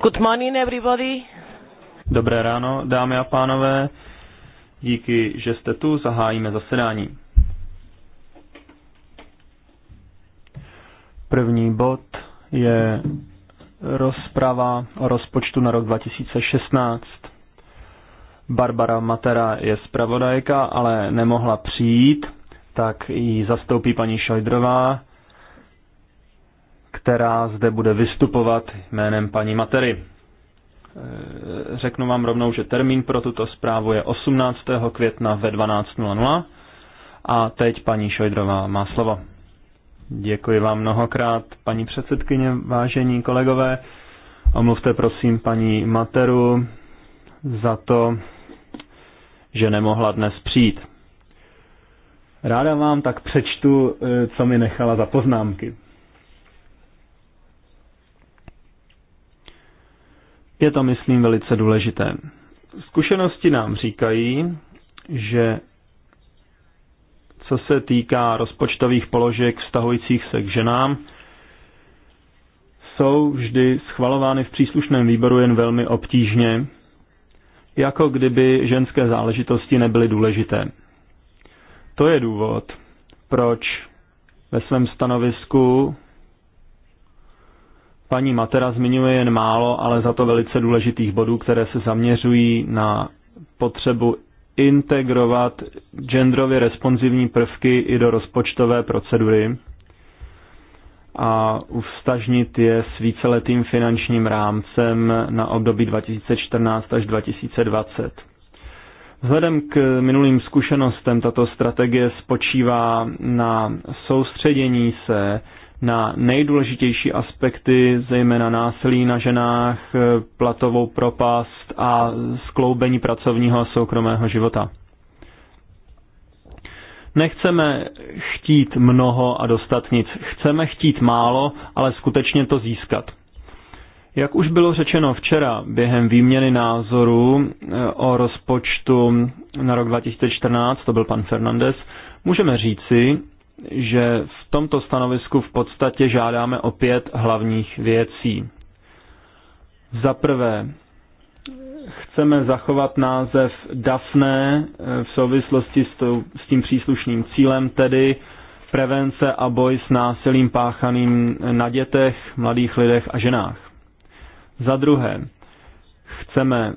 Good morning everybody. Dobré ráno, dámy a pánové. Díky, že jste tu, zahájíme zasedání. První bod je rozprava o rozpočtu na rok 2016. Barbara Matera je zpravodajka, ale nemohla přijít, tak ji zastoupí paní Šojdrová, která zde bude vystupovat jménem paní Matery. Eh, řeknu vám rovnou, že termín pro tuto zprávu je 18. května ve 12.00 a teď paní Šojdrová má slovo. Děkuji vám mnohokrát, paní předsedkyně, vážení kolegové. Omluvte prosím paní Materu za to, že nemohla dnes přijít. Ráda vám tak přečtu, eh, co mi nechala za poznámky. Je to, myslím, velice důležité. Zkušenosti nám říkají, že co se týká rozpočtových položek vztahujících se k ženám, jsou vždy schvalovány v příslušném výboru jen velmi obtížně, jako kdyby ženské záležitosti nebyly důležité. To je důvod, proč ve svém stanovisku Paní Matera zmiňuje jen málo, ale za to velice důležitých bodů, které se zaměřují na potřebu integrovat genderově responsivní prvky i do rozpočtové procedury a uvstažnit je s víceletým finančním rámcem na období 2014 až 2020. Vzhledem k minulým zkušenostem tato strategie spočívá na soustředění se na nejdůležitější aspekty, zejména násilí na ženách, platovou propast a skloubení pracovního a soukromého života. Nechceme chtít mnoho a dostat nic. Chceme chtít málo, ale skutečně to získat. Jak už bylo řečeno včera během výměny názorů eh, o rozpočtu na rok 2014, to byl pan Fernandez, můžeme říci, že v tomto stanovisku v podstatě žádáme o pět hlavních věcí. Za prvé, chceme zachovat název DAFNE eh, v souvislosti s tím příslušným cílem, tedy prevence a boj s násilím páchaným na dětech, mladých lidech a ženách. Za druhé, chceme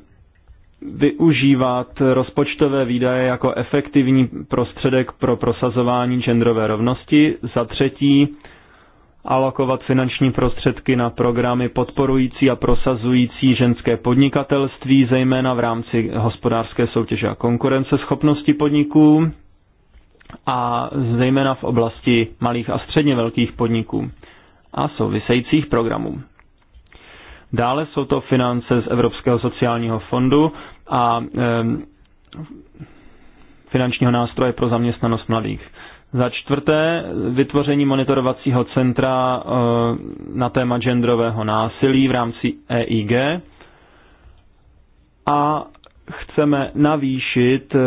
využívat rozpočtové výdaje jako efektivní prostředek pro prosazování genderové rovnosti. Za třetí, alokovat finanční prostředky na programy podporující a prosazující ženské podnikatelství, zejména v rámci hospodářské soutěže a konkurenceschopnosti podniků a zejména v oblasti malých a středně velkých podniků a souvisejících programů. Dále jsou to finance z Evropského sociálního fondu a finančního nástroje pro zaměstnanost mladých. Za čtvrté, vytvoření monitorovacího centra e, na téma genderového násilí v rámci EIG. A chceme navýšit e,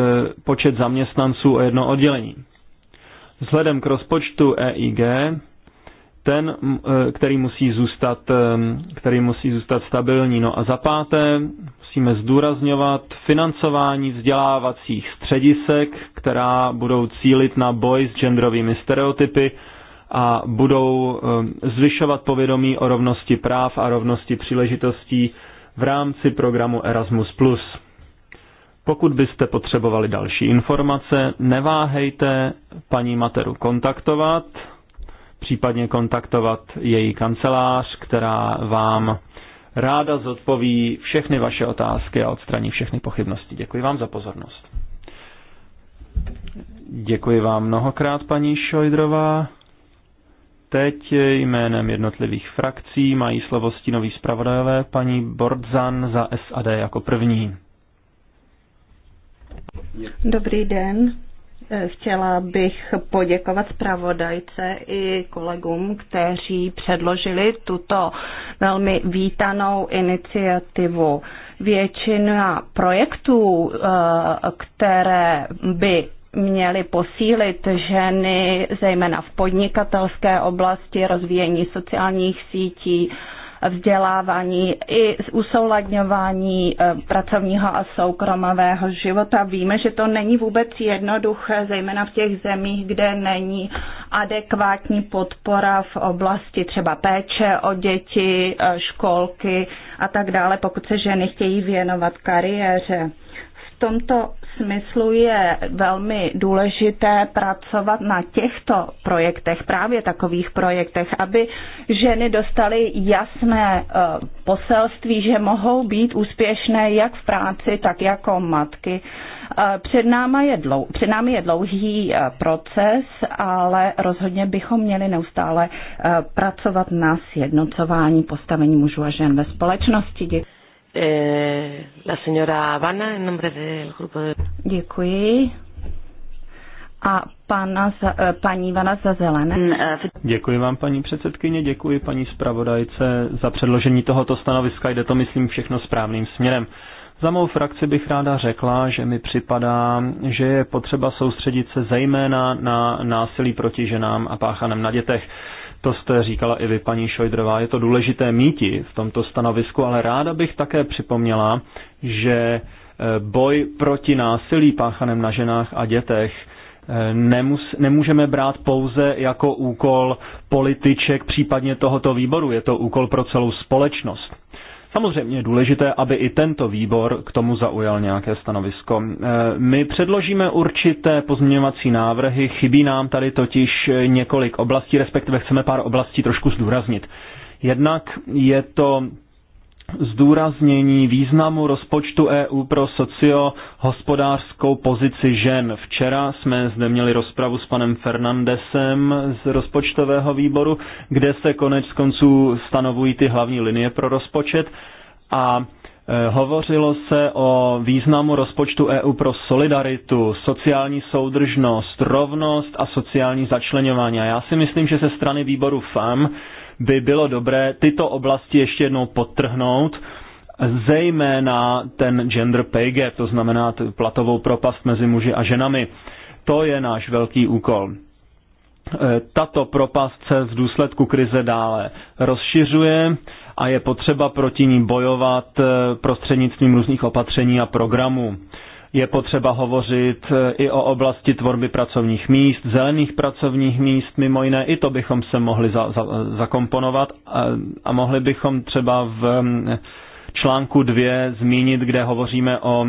počet zaměstnanců o jedno oddělení. Vzhledem k rozpočtu EIG, ten, e, který musí zůstat, který musí zůstat stabilní. No a za páté, musíme zdůrazňovat financování vzdělávacích středisek, která budou cílit na boj s genderovými stereotypy a budou eh, zvyšovat povědomí o rovnosti práv a rovnosti příležitostí v rámci programu Erasmus+. Pokud byste potřebovali další informace, neváhejte paní Materu kontaktovat, případně kontaktovat její kancelář, která vám ráda zodpoví všechny vaše otázky a odstraní všechny pochybnosti. Děkuji vám za pozornost. Děkuji vám mnohokrát, paní Šojdrová. Teď jménem jednotlivých frakcí mají slovo stínový zpravodajové paní Bordzan za SAD jako první. Dobrý den. Chtěla bych poděkovat zpravodajce i kolegům, kteří předložili tuto velmi vítanou iniciativu. Většina projektů, eh, které by měly posílit ženy, zejména v podnikatelské oblasti, rozvíjení sociálních sítí, vzdělávání i usouladňování eh, pracovního a soukromového života. Víme, že to není vůbec jednoduché, zejména v těch zemích, kde není adekvátní podpora v oblasti třeba péče o děti, eh, školky a tak dále, pokud se ženy chtějí věnovat kariéře. V tomto smyslu je velmi důležité pracovat na těchto projektech, právě takových projektech, aby ženy dostaly jasné eh, poselství, že mohou být úspěšné jak v práci, tak jako matky. Eh, před, náma je dlou, před námi je dlouhý eh, proces, ale rozhodně bychom měli neustále pracovat na sjednocování postavení mužů a žen ve společnosti. Děkuji. Eh, la señora Habana en nombre del grupo de... Děkuji. A pana, eh, paní Vana za zelené. Mm, eh, děkuji vám, paní předsedkyně, děkuji paní zpravodajce za předložení tohoto stanoviska. Jde to, myslím, všechno správným směrem. Za mou frakci bych ráda řekla, že mi připadá, že je potřeba soustředit se zejména na násilí proti ženám a páchaném na dětech. To jste říkala i vy, paní Šojdrová. Je to důležité míti v tomto stanovisku, ale ráda bych také připomněla, že e, boj proti násilí páchaném na ženách a dětech e, nemus, nemůžeme brát pouze jako úkol političek, případně tohoto výboru. Je to úkol pro celou společnost. Samozřejmě je důležité, aby i tento výbor k tomu zaujal nějaké stanovisko. E, my předložíme určité pozměňovací návrhy, chybí nám tady totiž několik oblastí, respektive chceme pár oblastí trošku zdůraznit. Jednak je to zdůraznění významu rozpočtu EU pro sociohospodářskou pozici žen. Včera jsme zde měli rozpravu s panem Fernandesem z rozpočtového výboru, kde se konec konců stanovují ty hlavní linie pro rozpočet a e, Hovořilo se o významu rozpočtu EU pro solidaritu, sociální soudržnost, rovnost a sociální začlenování. A já si myslím, že ze strany výboru FAM by bylo dobré tyto oblasti ještě jednou podtrhnout, zejména ten gender pay gap, to znamená platovou propast mezi muži a ženami. To je náš velký úkol. E, tato propast se v důsledku krize dále rozšiřuje a je potřeba proti ní bojovat e, prostřednictvím různých opatření a programů je potřeba hovořit e, i o oblasti tvorby pracovních míst, zelených pracovních míst, mimo jiné, i to bychom se mohli za, za, zakomponovat a, a mohli bychom třeba v článku 2 zmínit, kde hovoříme o e,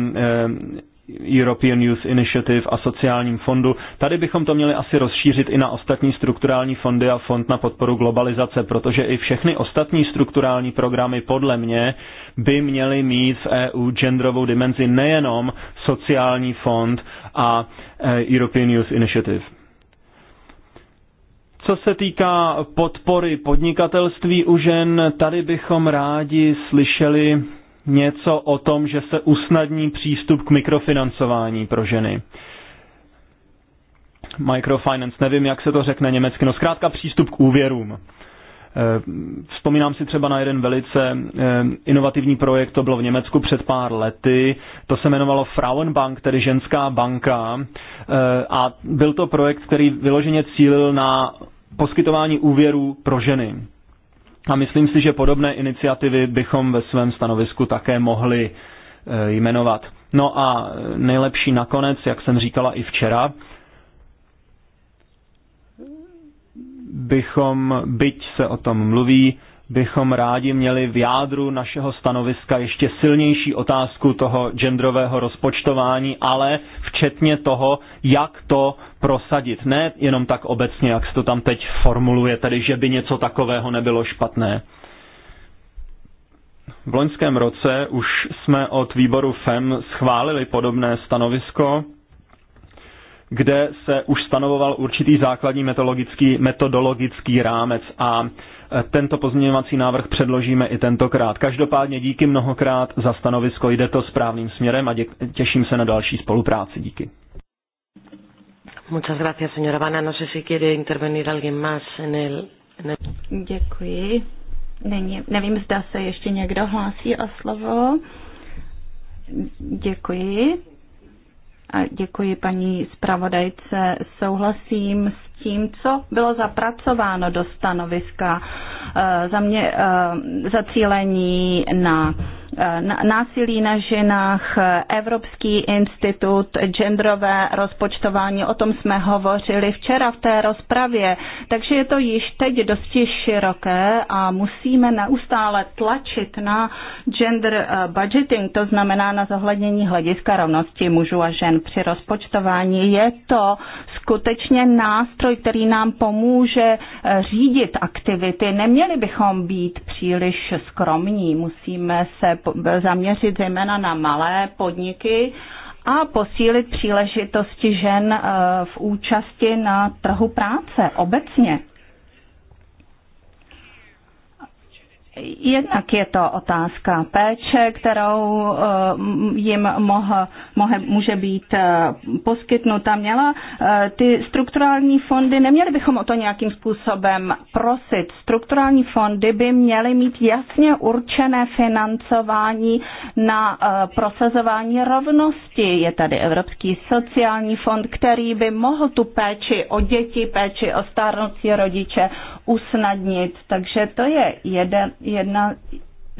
European Youth Initiative a sociálním fondu. Tady bychom to měli asi rozšířit i na ostatní strukturální fondy a fond na podporu globalizace, protože i všechny ostatní strukturální programy podle mě by měly mít v EU genderovou dimenzi nejenom sociální fond a e, European Youth Initiative. Co se týká podpory podnikatelství u žen, tady bychom rádi slyšeli něco o tom, že se usnadní přístup k mikrofinancování pro ženy. Microfinance, nevím, jak se to řekne německy, no zkrátka přístup k úvěrům. Eh, vzpomínám si třeba na jeden velice eh, inovativní projekt, to bylo v Německu před pár lety, to se jmenovalo Frauenbank, tedy ženská banka eh, a byl to projekt, který vyloženě cílil na poskytování úvěrů pro ženy. A myslím si, že podobné iniciativy bychom ve svém stanovisku také mohli eh, jmenovat. No a eh, nejlepší nakonec, jak jsem říkala i včera, bychom, byť se o tom mluví, bychom rádi měli v jádru našeho stanoviska ještě silnější otázku toho genderového rozpočtování, ale včetně toho, jak to prosadit. Ne jenom tak obecně, jak se to tam teď formuluje, tedy že by něco takového nebylo špatné. V loňském roce už jsme od výboru FEM schválili podobné stanovisko, kde se už stanovoval určitý základní metodologický, metodologický rámec a Eh, tento pozměňovací návrh předložíme i tentokrát. Každopádně díky mnohokrát za stanovisko, jde to správným směrem a těším se na další spolupráci. Díky. Muchas gracias, señora Vana. No sé si quiere intervenir alguien más en el... En el... Děkuji. Není, nevím, zda se ještě někdo hlásí o slovo. Děkuji. A děkuji paní zpravodajce. Souhlasím s tím, co bylo zapracováno do stanoviska eh, za mě eh, zacílení na násilí na ženách, Evropský institut, genderové rozpočtování, o tom jsme hovořili včera v té rozpravě, takže je to již teď dosti široké a musíme neustále tlačit na gender eh, budgeting, to znamená na zohlednění hlediska rovnosti mužů a žen při rozpočtování. Je to skutečně nástroj, který nám pomůže eh, řídit aktivity. Neměli bychom být příliš skromní, musíme se zaměřit zejména na malé podniky a posílit příležitosti žen eh, v účasti na trhu práce obecně. Jednak je to otázka péče, kterou eh, jim mohl, mohl, může být eh, poskytnuta. Měla eh, ty strukturální fondy, neměli bychom o to nějakým způsobem prosit. Strukturální fondy by měly mít jasně určené financování na prosazování rovnosti. Je tady Evropský sociální fond, který by mohl tu péči o děti, péči o starnoucí rodiče usnadnit. Takže to je jeden, jedna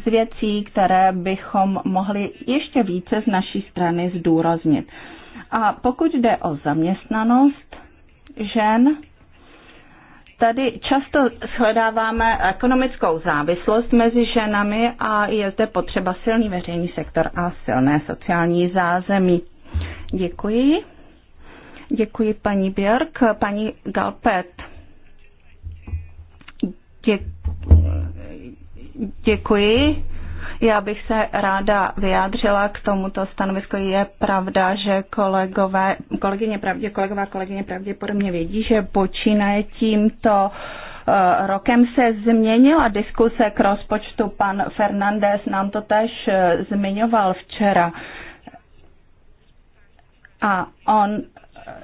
z věcí, které bychom mohli ještě více z naší strany zdůraznit. A pokud jde o zaměstnanost žen, tady často shledáváme ekonomickou závislost mezi ženami a je zde potřeba silný veřejný sektor a silné sociální zázemí. Děkuji. Děkuji paní Björk, paní Galpet. Dě- děkuji. Já bych se ráda vyjádřila k tomuto stanovisku. Je pravda, že kolegové, kolegyně pravdě, kolegové kolegyně pravděpodobně vědí, že počínaje tímto eh, rokem se změnila diskuse k rozpočtu. Pan Fernandez nám to tež eh, zmiňoval včera. A on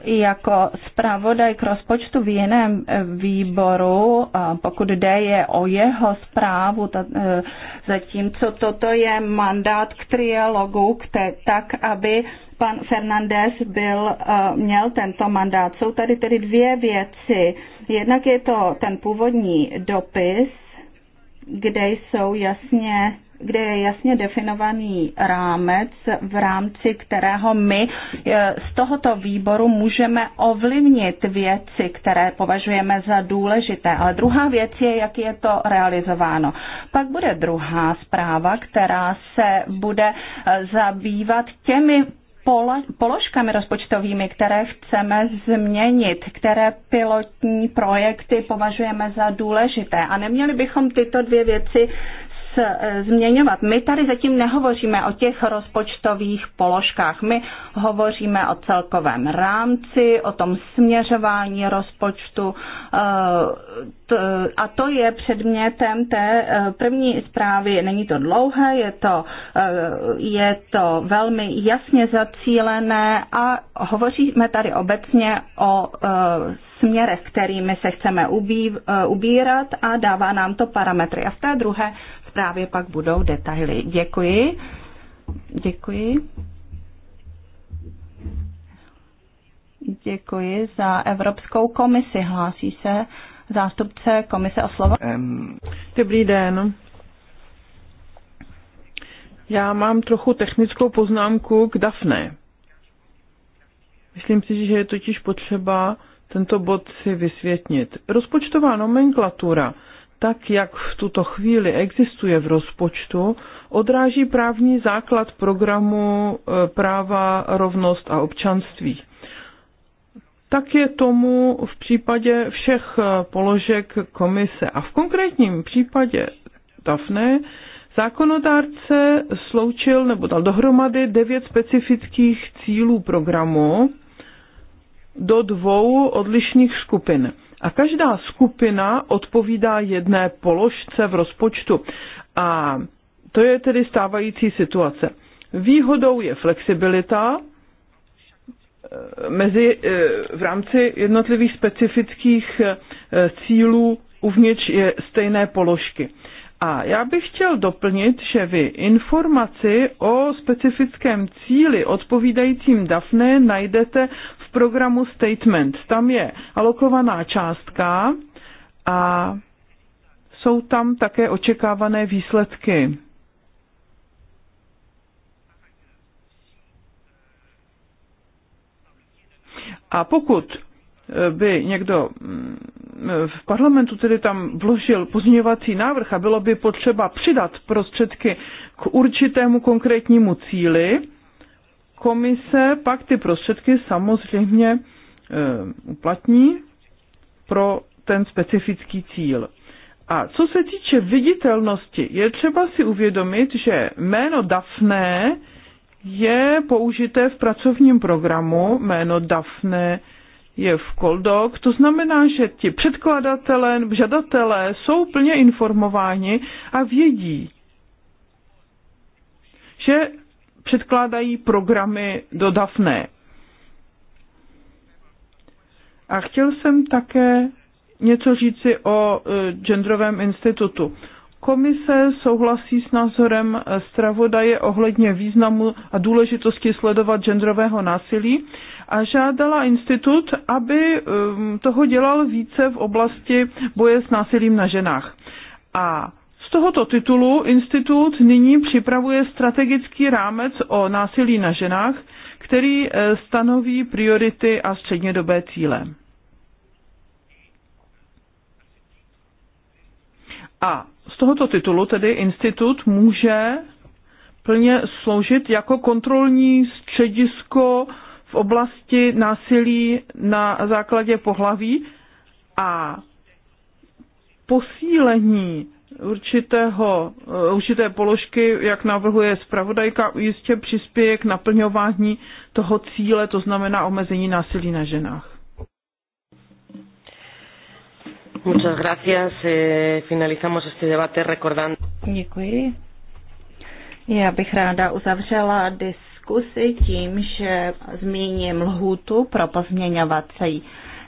jako zpravodaj k rozpočtu v jiném eh, výboru, pokud jde je o jeho zprávu, eh, zatímco toto je mandát k trialogu, tak aby pan Fernandez byl, eh, měl tento mandát. Jsou tady tedy dvě věci. Jednak je to ten původní dopis, kde jsou jasně kde je jasně definovaný rámec, v rámci kterého my eh, z tohoto výboru můžeme ovlivnit věci, které považujeme za důležité. Ale druhá věc je, jak je to realizováno. Pak bude druhá zpráva, která se bude eh, zabývat těmi položkami rozpočtovými, které chceme změnit, které pilotní projekty považujeme za důležité. A neměli bychom tyto dvě věci Eh, změňovat. My tady zatím nehovoříme o těch rozpočtových položkách. My hovoříme o celkovém rámci, o tom směřování rozpočtu eh, a to je předmětem té eh, první zprávy. Není to dlouhé, je to, je to velmi jasně zacílené a hovoříme tady obecně o směrech, kterými se chceme ubírat a dává nám to parametry. A v té druhé zprávě pak budou detaily. Děkuji. Děkuji. Děkuji za Evropskou komisi. Hlásí se zástupce komise o slovo. Dobrý den. Já mám trochu technickou poznámku k Dafne. Myslím si, že je totiž potřeba tento bod si vysvětnit. Rozpočtová nomenklatura tak jak v tuto chvíli existuje v rozpočtu, odráží právní základ programu e, práva, rovnost a občanství. Tak je tomu v případě všech e, položek komise. A v konkrétním případě Dafne zákonodárce sloučil nebo dal dohromady devět specifických cílů programu do dvou odlišných skupin. A každá skupina odpovídá jedné položce v rozpočtu. A to je tedy stávající situace. Výhodou je flexibilita eh, mezi, eh, v rámci jednotlivých specifických eh, cílů uvnitř je stejné položky. A já bych chtěl doplnit, že vy informaci o specifickém cíli odpovídajícím DAFNE najdete programu Statement. Tam je alokovaná částka a jsou tam také očekávané výsledky. A pokud eh, by někdo mm, eh, v parlamentu tedy tam vložil pozměňovací návrh a bylo by potřeba přidat prostředky k určitému konkrétnímu cíli, komise pak ty prostředky samozřejmě eh, uplatní pro ten specifický cíl. A co se týče viditelnosti, je třeba si uvědomit, že jméno Dafne je použité v pracovním programu, jméno Dafne je v Coldoc. to znamená, že ti předkladatelé, žadatelé jsou plně informováni a vědí, že předkládají programy do DAFNE. A chtěl jsem také něco říci o e, genderovém institutu. Komise souhlasí s názorem stravodaje e, ohledně významu a důležitosti sledovat genderového násilí a žádala institut, aby e, toho dělal více v oblasti boje s násilím na ženách. A tohoto titulu institut nyní připravuje strategický rámec o násilí na ženách, který eh, stanoví priority a střednědobé cíle. A z tohoto titulu tedy institut může plně sloužit jako kontrolní středisko v oblasti násilí na základě pohlaví a posílení určitého, eh, určité položky, jak navrhuje zpravodajka, jistě přispěje k naplňování toho cíle, to znamená omezení násilí na ženách. Muchas gracias. Eh, finalizamos este debate recordando. Děkuji. Já bych ráda uzavřela diskusi tím, že zmíním lhůtu pro pozměňovací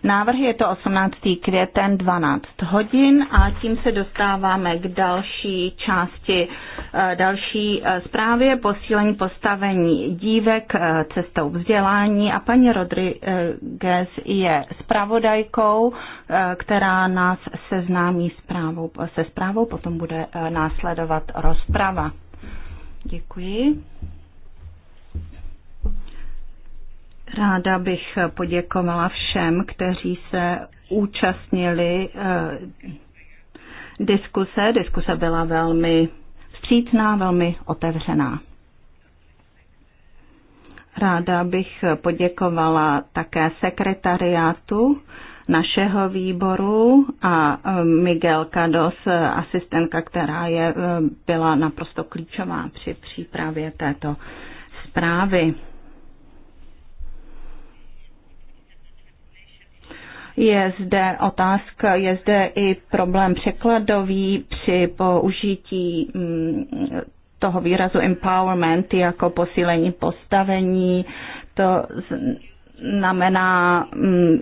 návrhy. Je to 18. květen 12 hodin a tím se dostáváme k další části, eh, další eh, zprávě posílení postavení dívek eh, cestou vzdělání a paní Rodriguez je zpravodajkou, která nás seznámí zprávou, se zprávou, potom bude následovat rozprava. Děkuji. Ráda bych poděkovala všem, kteří se účastnili eh, diskuse. Diskuse byla velmi vstřícná, velmi otevřená. Ráda bych poděkovala také sekretariátu našeho výboru a eh, Miguel Kados, asistentka, která je, eh, byla naprosto klíčová při přípravě této zprávy. Je zde otázka, je zde i problém překladový při použití mm, toho výrazu empowerment jako posílení postavení. To znamená mm,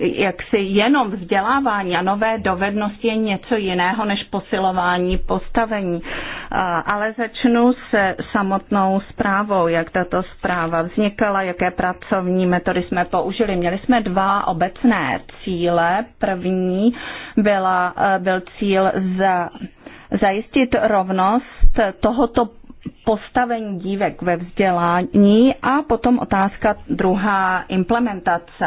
si jenom vzdělávání a nové dovednosti je něco jiného než posilování postavení ale začnu se samotnou zprávou, jak tato zpráva vznikala, jaké pracovní metody jsme použili. Měli jsme dva obecné cíle. První byla, e, byl cíl za, zajistit rovnost tohoto postavení dívek ve vzdělání a potom otázka druhá implementace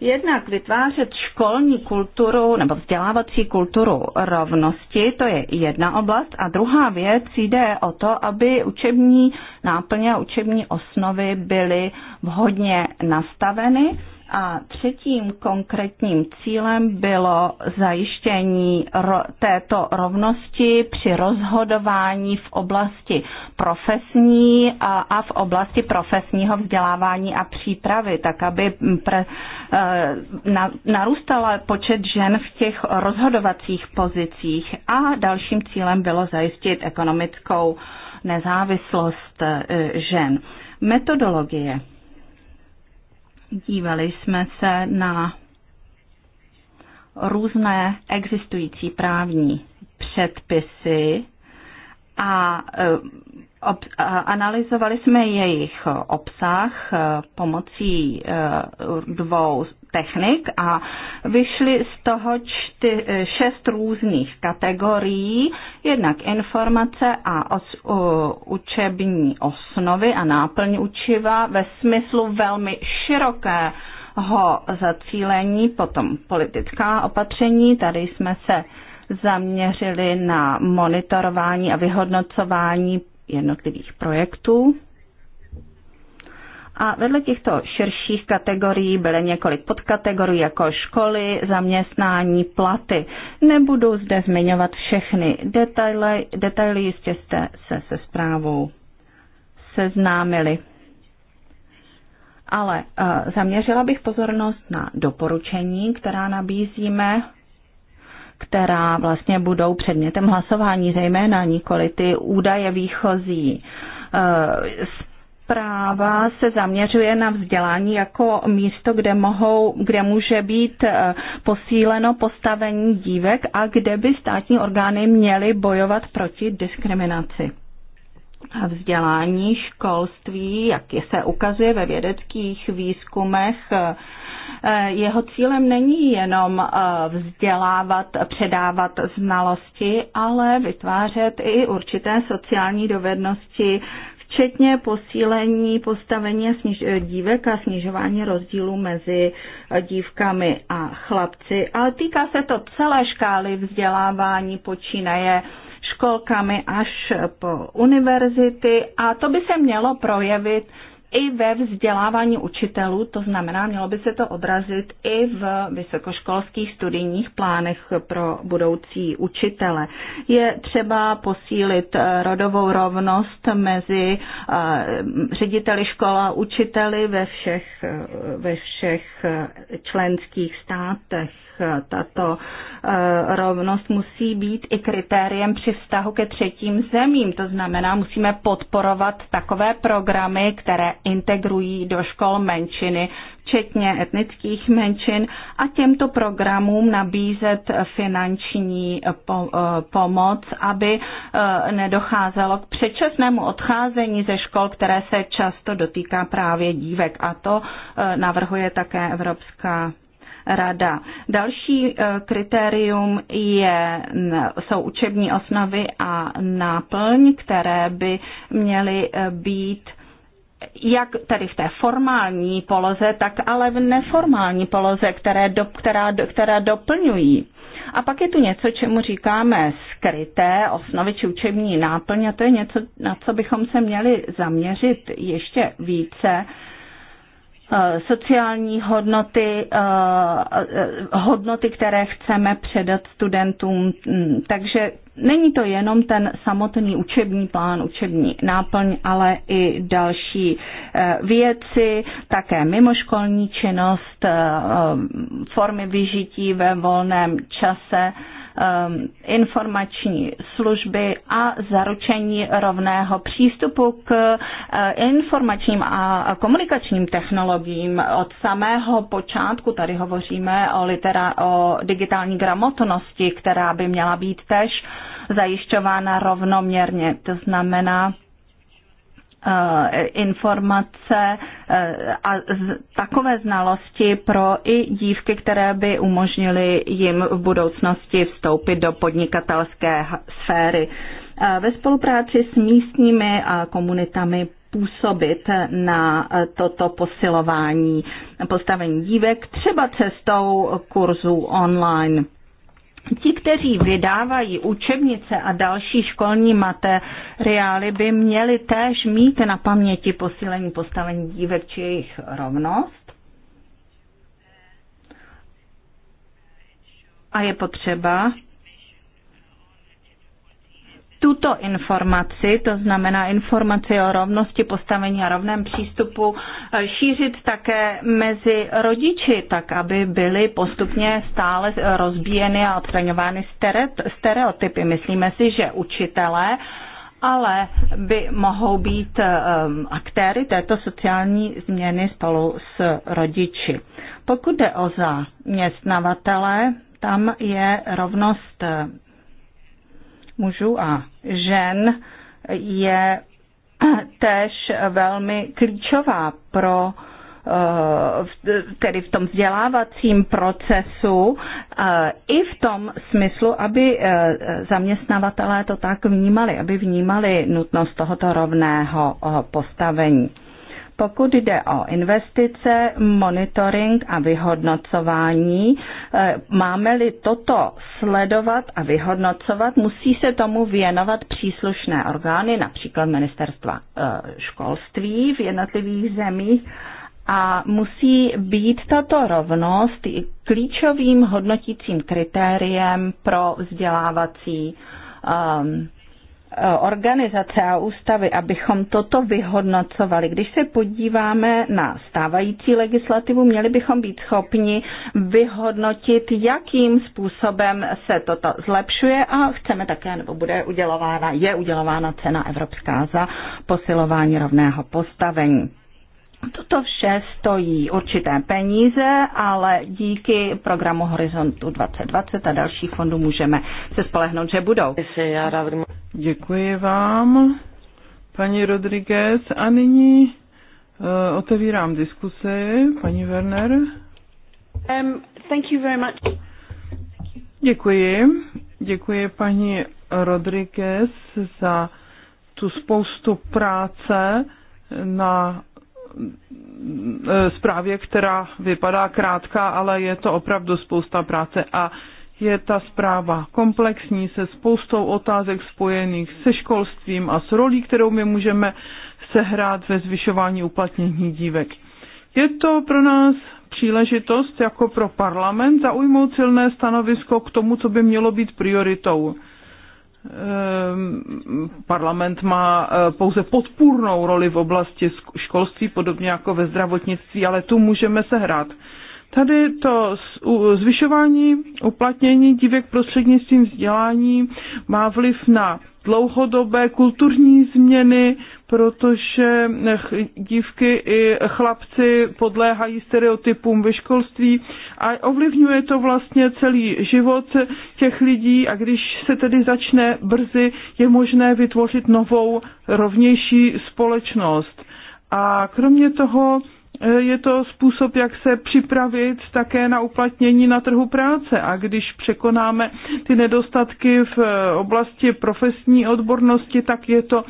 Jednak vytvářet školní kulturu nebo vzdělávací kulturu rovnosti, to je jedna oblast. A druhá věc jde o to, aby učební náplně a učební osnovy byly vhodně nastaveny a třetím konkrétním cílem bylo zajištění ro- této rovnosti při rozhodování v oblasti profesní a, a v oblasti profesního vzdělávání a přípravy, tak aby pre, eh, na, narůstal počet žen v těch rozhodovacích pozicích. A dalším cílem bylo zajistit ekonomickou nezávislost eh, žen. Metodologie Dívali jsme se na různé existující právní předpisy a e, ob, analyzovali jsme jejich obsah e, pomocí e, dvou technik a vyšly z toho čty, šest různých kategorií, jednak informace a os, u, učební osnovy a náplň učiva ve smyslu velmi širokého zacílení, potom politická opatření, tady jsme se zaměřili na monitorování a vyhodnocování jednotlivých projektů a vedle těchto širších kategorií byly několik podkategorií jako školy, zaměstnání, platy. Nebudu zde zmiňovat všechny detaily, detaily jistě jste se se zprávou seznámili. Ale eh, zaměřila bych pozornost na doporučení, která nabízíme, která vlastně budou předmětem hlasování, zejména nikoli ty údaje výchozí eh, zpráva se zaměřuje na vzdělání jako místo, kde, mohou, kde může být eh, posíleno postavení dívek a kde by státní orgány měly bojovat proti diskriminaci vzdělání, školství, jak se ukazuje ve vědeckých výzkumech, eh, eh, jeho cílem není jenom vzdělávat, předávat znalosti, ale vytvářet i určité sociální dovednosti, včetně posílení postavení sniž, eh, dívek a snižování rozdílů mezi eh, dívkami a chlapci. Ale týká se to celé škály vzdělávání, počínaje školkami až po univerzity a to by se mělo projevit i ve vzdělávání učitelů, to znamená, mělo by se to odrazit i v vysokoškolských studijních plánech pro budoucí učitele. Je třeba posílit eh, rodovou rovnost mezi eh, řediteli škola a učiteli ve všech, eh, ve všech členských státech. Tato rovnost musí být i kritériem při vztahu ke třetím zemím, to znamená, musíme podporovat takové programy, které integrují do škol menšiny, včetně etnických menšin a těmto programům nabízet finanční eh, pomoc, aby eh, nedocházelo k předčasnému odcházení ze škol, které se často dotýká právě dívek a to eh, navrhuje také Evropská rada. Další kritérium je, jsou učební osnovy a náplň, které by měly být jak tedy v té formální poloze, tak ale v neformální poloze, které do, která, která doplňují. A pak je tu něco, čemu říkáme skryté osnovy či učební náplň a to je něco, na co bychom se měli zaměřit ještě více, eh, sociální hodnoty, eh, eh, hodnoty, které chceme předat studentům. Mm, takže není to jenom ten samotný učební plán, učební náplň, ale i další eh, věci, také mimoškolní činnost, eh, formy vyžití ve volném čase Um, informační služby a zaručení rovného přístupu k eh, informačním a komunikačním technologiím. Od samého počátku tady hovoříme o, litera, o digitální gramotnosti, která by měla být tež zajišťována rovnoměrně. To znamená, Eh, informace eh, a takové znalosti pro i dívky, které by umožnily jim v budoucnosti vstoupit do podnikatelské sféry. Eh, ve spolupráci s místními komunitami působit na toto posilování postavení dívek, třeba cestou kurzů online. Ti, kteří vydávají učebnice a další školní materiály, by měli též mít na paměti posílení postavení dívek či jejich rovnost. A je potřeba tuto informaci, to znamená informaci o rovnosti postavení a rovném přístupu, eh, šířit také mezi rodiči, tak aby byly postupně stále rozbíjeny a odstraňovány stereotypy. Myslíme si, že učitelé ale by mohou být um, aktéry této sociální změny spolu s rodiči. Pokud jde o zaměstnavatele, tam je rovnost mužů a žen je tež velmi klíčová pro eh, tedy v tom vzdělávacím procesu eh, i v tom smyslu, aby eh, zaměstnavatelé to tak vnímali, aby vnímali nutnost tohoto rovného postavení. Pokud jde o investice, monitoring a vyhodnocování, eh, máme-li toto sledovat a vyhodnocovat, musí se tomu věnovat příslušné orgány, například ministerstva eh, školství v jednotlivých zemích, a musí být tato rovnost klíčovým hodnotícím kritériem pro vzdělávací um, Eh, organizace a ústavy, abychom toto vyhodnocovali. Když se podíváme na stávající legislativu, měli bychom být schopni vyhodnotit, jakým způsobem se toto zlepšuje a chceme také, nebo bude udělována, je udělována cena evropská za posilování rovného postavení. Toto vše stojí určité peníze, ale díky programu Horizontu 2020 a dalších fondů můžeme se spolehnout, že budou. Děkuji vám, paní Rodriguez. A nyní uh, otevírám diskusi. Paní Werner. Um, thank you very much. Děkuji. Děkuji paní Rodriguez za tu spoustu práce na zprávě, která vypadá krátká, ale je to opravdu spousta práce a je ta zpráva komplexní se spoustou otázek spojených se školstvím a s rolí, kterou my můžeme sehrát ve zvyšování uplatnění dívek. Je to pro nás příležitost jako pro parlament zaujmout silné stanovisko k tomu, co by mělo být prioritou Ehm, parlament má eh, pouze podpůrnou roli v oblasti školství, podobně jako ve zdravotnictví, ale tu můžeme sehrát. Tady to zvyšování uplatnění dívek prostřednictvím vzdělání má vliv na dlouhodobé kulturní změny, protože dívky i chlapci podléhají stereotypům ve školství a ovlivňuje to vlastně celý život těch lidí a když se tedy začne brzy, je možné vytvořit novou, rovnější společnost. A kromě toho je to způsob, jak se připravit také na uplatnění na trhu práce. A když překonáme ty nedostatky v oblasti profesní odbornosti, tak je to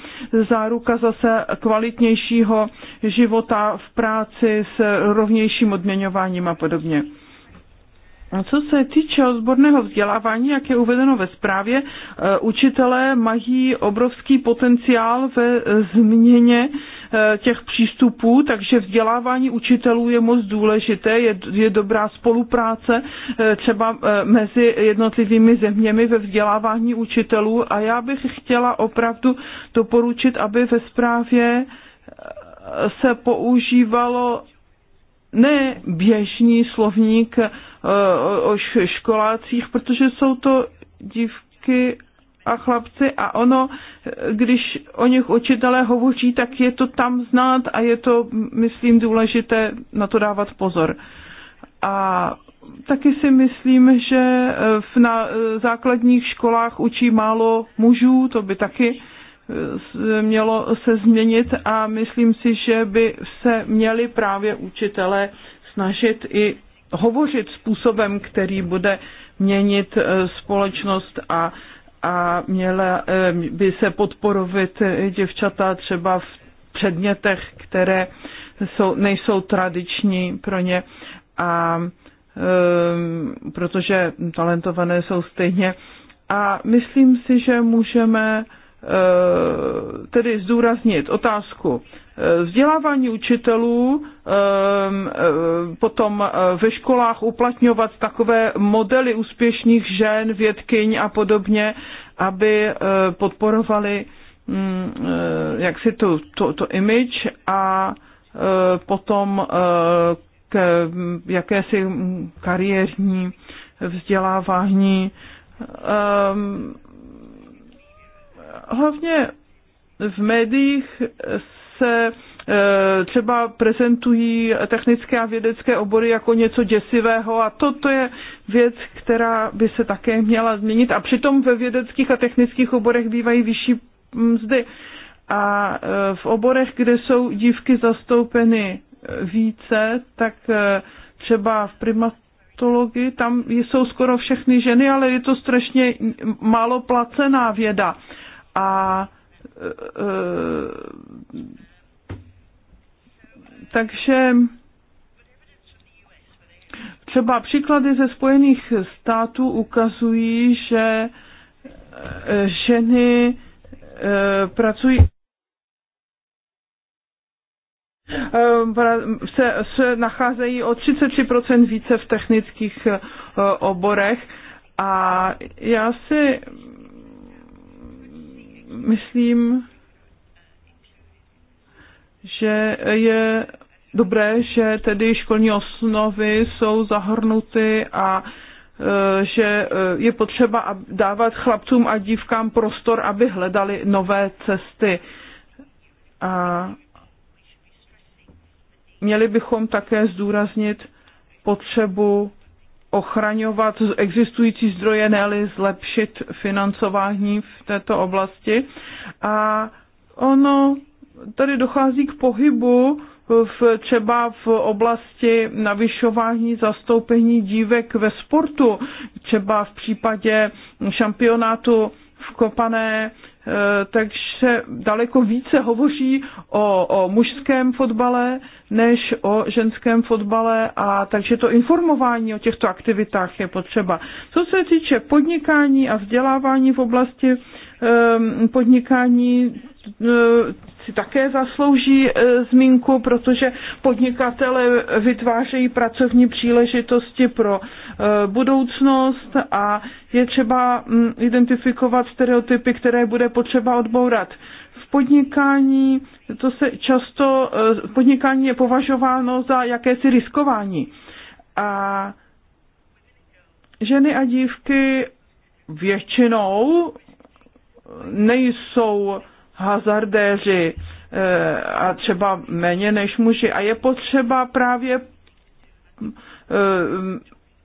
záruka zase kvalitnějšího života v práci s rovnějším odměňováním a podobně. Co se týče odborného vzdělávání, jak je uvedeno ve zprávě, eh, učitelé mají obrovský potenciál ve změně Eh, těch přístupů, takže vzdělávání učitelů je moc důležité, je, je dobrá spolupráce eh, třeba eh, mezi jednotlivými zeměmi ve vzdělávání učitelů a já bych chtěla opravdu doporučit, aby ve zprávě se používalo ne běžný slovník o školácích, protože jsou to dívky a chlapci a ono, když o nich učitelé hovoří, tak je to tam znát a je to, myslím, důležité na to dávat pozor. A taky si myslím, že eh, v, na eh, základních školách učí málo mužů, to by taky eh, mělo se změnit a myslím si, že by se měli právě učitelé snažit i hovořit způsobem, který bude měnit společnost a a měla eh, by se podporovat děvčata třeba v předmětech, které jsou, nejsou tradiční pro ně a eh, protože talentované jsou stejně. A myslím si, že můžeme Eh, tedy zdůraznit otázku eh, vzdělávání učitelů, eh, potom ve školách uplatňovat takové modely úspěšných žen, vědkyň a podobně, aby podporovali mm, si to, to to image a potom k jakési mm, kariérní vzdělávání hlavně v médiích se e, třeba prezentují technické a vědecké obory jako něco děsivého a to, to je věc, která by se také měla změnit a přitom ve vědeckých a technických oborech bývají vyšší mzdy a e, v oborech, kde jsou dívky zastoupeny e, více, tak třeba v primatologii, tam jsou skoro všechny ženy, ale je to strašně málo placená věda a e, e, takže třeba příklady ze Spojených států ukazují, že e, ženy pracují se, se nacházejí o 33% více v technických oborech a já si myslím, že je dobré, že tedy školní osnovy jsou zahrnuty a e, že e, je potřeba dávat chlapcům a dívkám prostor, aby hledali nové cesty. A měli bychom také zdůraznit potřebu ochraňovat existující zdroje, ne zlepšit financování v této oblasti. A ono tady dochází k pohybu v, třeba v oblasti navyšování zastoupení dívek ve sportu, třeba v případě šampionátu v Kopané Eh, takže daleko více hovoří o, o mužském fotbale než o ženském fotbale a takže to informování o těchto aktivitách je potřeba. Co se týče podnikání a vzdělávání v oblasti eh, podnikání, eh, si také zaslouží e, zmínku, protože podnikatele vytvářejí pracovní příležitosti pro e, budoucnost a je třeba mm, identifikovat stereotypy, které bude potřeba odbourat. V podnikání to se často e, podnikání je považováno za jakési riskování. A ženy a dívky většinou nejsou hazardéři eh, a třeba méně než muži. A je potřeba právě eh,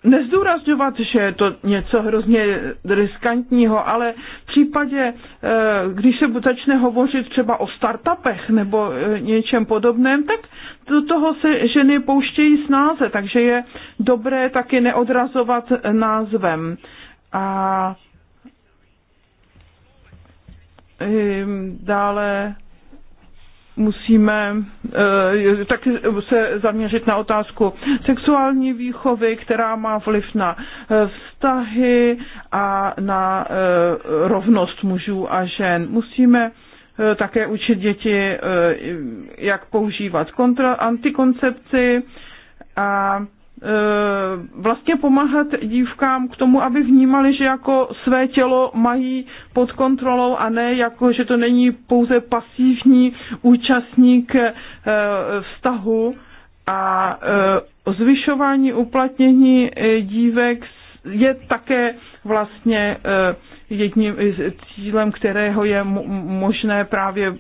nezdůrazňovat, že je to něco hrozně riskantního, ale v případě, eh, když se začne hovořit třeba o startupech nebo něčem podobném, tak do toho se ženy pouštějí snáze, takže je dobré taky neodrazovat názvem. A Ehm, dále musíme uh, eh, taky se zaměřit na otázku sexuální výchovy, která má vliv na uh, vztahy a na uh, rovnost mužů a žen. Musíme uh, také učit děti, uh, jak používat kontra, antikoncepci a Eh, vlastně pomáhat dívkám k tomu, aby vnímali, že jako své tělo mají pod kontrolou a ne jako, že to není pouze pasivní účastník eh, vztahu a eh, zvyšování uplatnění dívek je také vlastně jedním cílem, kterého je možné právě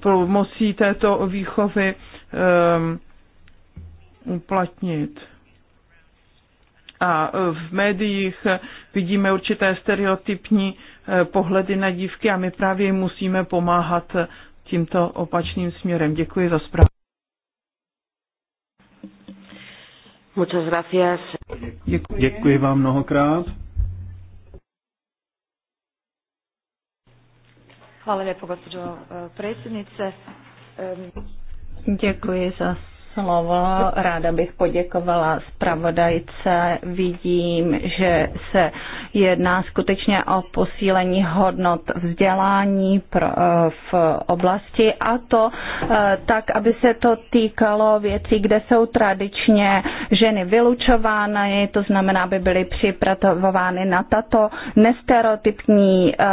pomocí této výchovy uplatnit. A e, v médiích vidíme určité stereotypní e, pohledy na dívky a my právě musíme pomáhat e, tímto opačným směrem. Děkuji za zprávu. Muchas gracias. Děkuji. Děkuji vám mnohokrát. Hvala lijepo, gospođo predsjednice. Děkuji za slovo. Ráda bych poděkovala zpravodajce. Vidím, že se jedná skutečně o posílení hodnot vzdělání eh, v oblasti a to eh, tak, aby se to týkalo věcí, kde jsou tradičně ženy vylučovány, to znamená, aby byly připravovány na tato nestereotypní eh,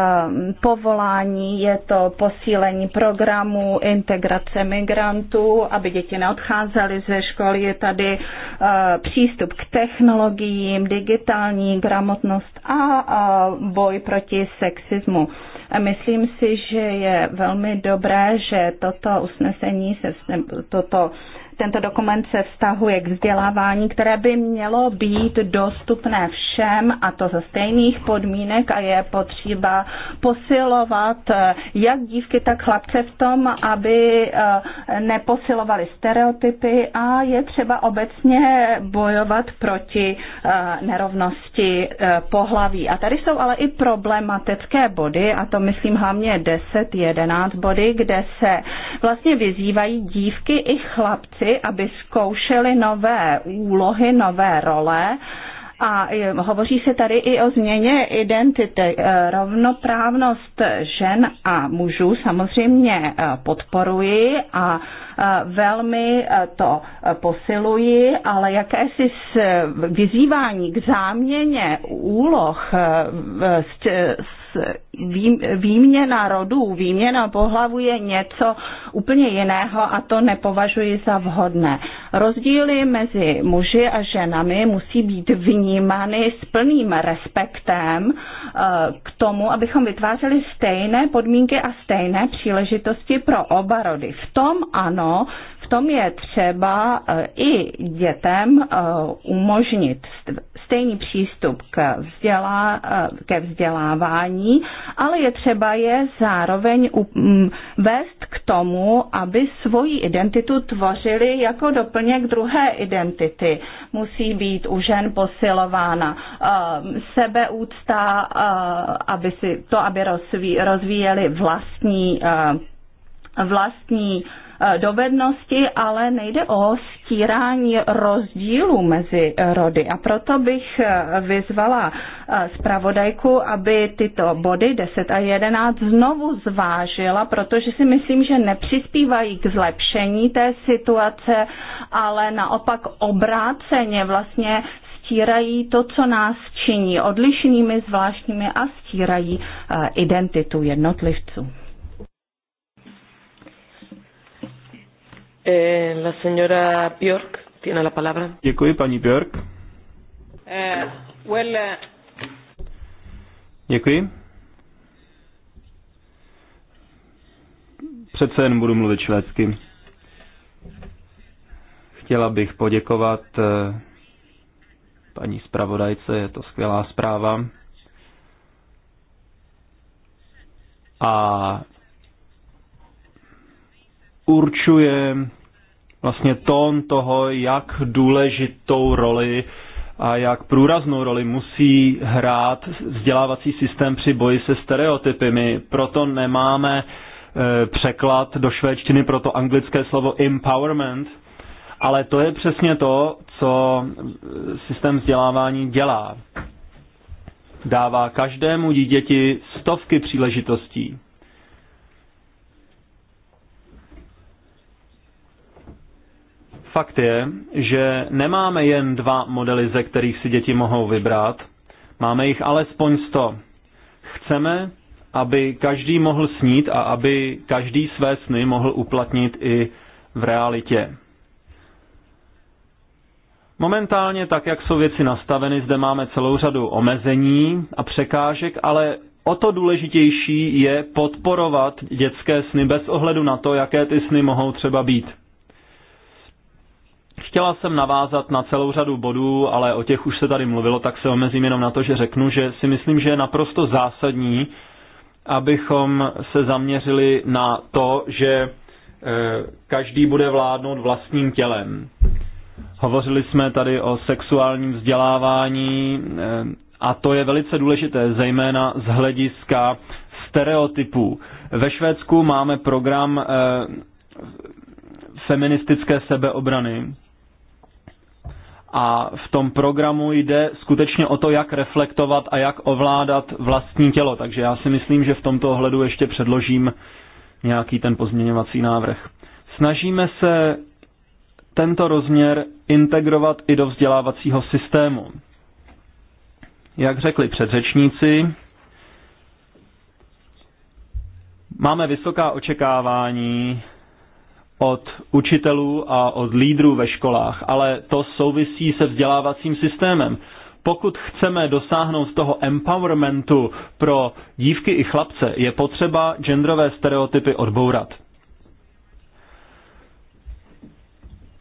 povolání. Je to posílení programu integrace migrantů, aby děti neodcházely odcházeli ze školy. Je tady eh, přístup k technologiím, digitální gramotnost a boj proti sexismu. a Myslím si, že je velmi dobré, že toto usnesení, se, toto tento dokument se vztahuje k vzdělávání, které by mělo být dostupné všem a to za stejných podmínek a je potřeba posilovat eh, jak dívky, tak chlapce v tom, aby eh, neposilovali stereotypy a je třeba obecně bojovat proti eh, nerovnosti pohlaví. A tady jsou ale i problematické body a to myslím hlavně 10-11 body, kde se vlastně vyzývají dívky i chlapci, lidi, aby zkoušeli nové úlohy, nové role. A hovoří se tady i o změně identity. E, rovnoprávnost žen a mužů samozřejmě e, podporuji a e, velmi to posiluji, ale jakési vyzývání k záměně úloh výměna rodů, výměna pohlavu je něco úplně jiného a to nepovažuji za vhodné. Rozdíly mezi muži a ženami musí být vnímány s plným respektem eh, k tomu, abychom vytvářeli stejné podmínky a stejné příležitosti pro oba rody. V tom ano, tom je třeba eh, i dětem eh, umožnit stejný přístup vzdělá, eh, ke vzdělávání, ale je třeba je zároveň mm, vést k tomu, aby svoji identitu tvořili jako doplněk druhé identity. Musí být u žen posilována sebeúcta, aby si, to, aby rozvíjeli vlastní vlastní Eh, dovednosti, ale nejde o stírání rozdílů mezi eh, rody. A proto bych eh, vyzvala zpravodajku, aby tyto body 10 a 11 znovu zvážila, protože si myslím, že nepřispívají k zlepšení té situace, ale naopak obráceně vlastně stírají to, co nás činí odlišnými, zvláštními a stírají identitu jednotlivců. Eh, la señora Bjork tiene la palabra. Děkuji, paní Bjork. Eh, well, eh, Děkuji. Přece jen budu mluvit švédsky. Chtěla bych poděkovat eh, paní zpravodajce, je to skvělá zpráva. A určuje vlastně tón toho, jak důležitou roli a jak průraznou roli musí hrát vzdělávací systém při boji se stereotypy. My proto nemáme e, překlad do švédštiny pro to anglické slovo empowerment, ale to je přesně to, co systém vzdělávání dělá. Dává každému dítěti stovky příležitostí. Fakt je, že nemáme jen dva modely, ze kterých si děti mohou vybrat, máme jich alespoň sto. Chceme, aby každý mohl snít a aby každý své sny mohl uplatnit i v realitě. Momentálně, tak jak jsou věci nastaveny, zde máme celou řadu omezení a překážek, ale o to důležitější je podporovat dětské sny bez ohledu na to, jaké ty sny mohou třeba být. Chtěla jsem navázat na celou řadu bodů, ale o těch už se tady mluvilo, tak se omezím jenom na to, že řeknu, že si myslím, že je naprosto zásadní, abychom se zaměřili na to, že eh, každý bude vládnout vlastním tělem. Hovořili jsme tady o sexuálním vzdělávání eh, a to je velice důležité, zejména z hlediska stereotypů. Ve Švédsku máme program eh, feministické sebeobrany a v tom programu jde skutečně o to, jak reflektovat a jak ovládat vlastní tělo. Takže já si myslím, že v tomto ohledu ještě předložím nějaký ten pozměňovací návrh. Snažíme se tento rozměr integrovat i do vzdělávacího systému. Jak řekli předřečníci, máme vysoká očekávání od učitelů a od lídrů ve školách, ale to souvisí se vzdělávacím systémem. Pokud chceme dosáhnout toho empowermentu pro dívky i chlapce, je potřeba genderové stereotypy odbourat.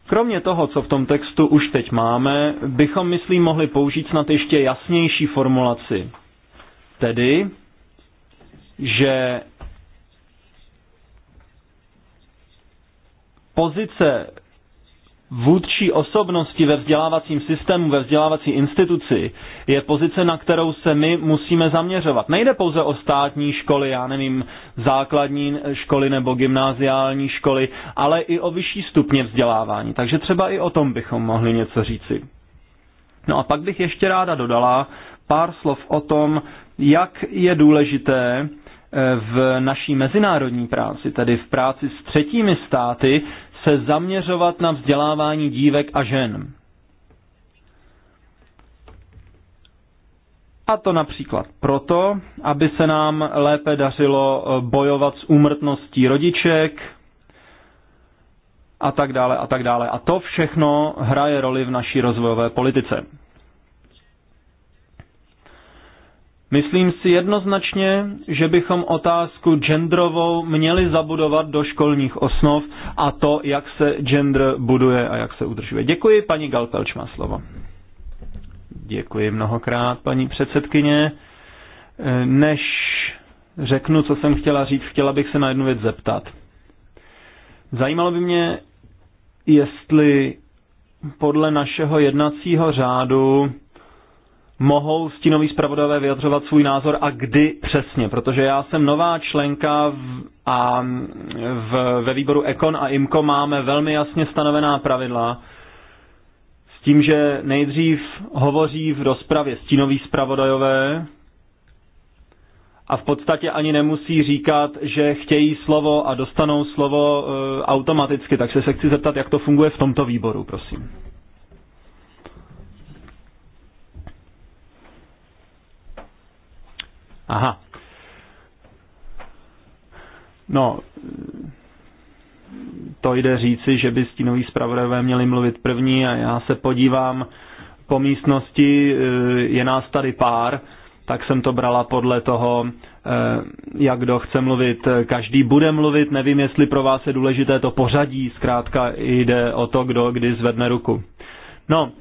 Kromě toho, co v tom textu už teď máme, bychom, myslím, mohli použít snad ještě jasnější formulaci. Tedy, že pozice vůdčí osobnosti ve vzdělávacím systému, ve vzdělávací instituci, je pozice, na kterou se my musíme zaměřovat. Nejde pouze o státní školy, já nevím, základní školy nebo gymnáziální školy, ale i o vyšší stupně vzdělávání. Takže třeba i o tom bychom mohli něco říci. No a pak bych ještě ráda dodala pár slov o tom, jak je důležité eh, v naší mezinárodní práci, tedy v práci s třetími státy, se zaměřovat na vzdělávání dívek a žen. A to například proto, aby se nám lépe dařilo eh, bojovat s úmrtností rodiček a tak dále a tak dále. A to všechno hraje roli v naší rozvojové politice. Myslím si jednoznačně, že bychom otázku genderovou měli zabudovat do školních osnov a to, jak se gender buduje a jak se udržuje. Děkuji, paní Galpelč má slovo. Děkuji mnohokrát, paní předsedkyně. Než řeknu, co jsem chtěla říct, chtěla bych se na jednu věc zeptat. Zajímalo by mě, jestli podle našeho jednacího řádu mohou stínoví zpravodové vyjadřovat svůj názor a kdy přesně, protože já jsem nová členka v, a v, ve výboru Ekon a IMKO máme velmi jasně stanovená pravidla s tím, že nejdřív hovoří v rozpravě stínoví zpravodajové a v podstatě ani nemusí říkat, že chtějí slovo a dostanou slovo e, automaticky, takže se chci zeptat, jak to funguje v tomto výboru, prosím. Aha. No, to jde říci, že by stínoví zpravodajové měli mluvit první a já se podívám po místnosti, eh, je nás tady pár, tak jsem to brala podle toho, eh, jak kdo chce mluvit. Každý bude mluvit, nevím, jestli pro vás je důležité to pořadí, zkrátka jde o to, kdo kdy zvedne ruku. No,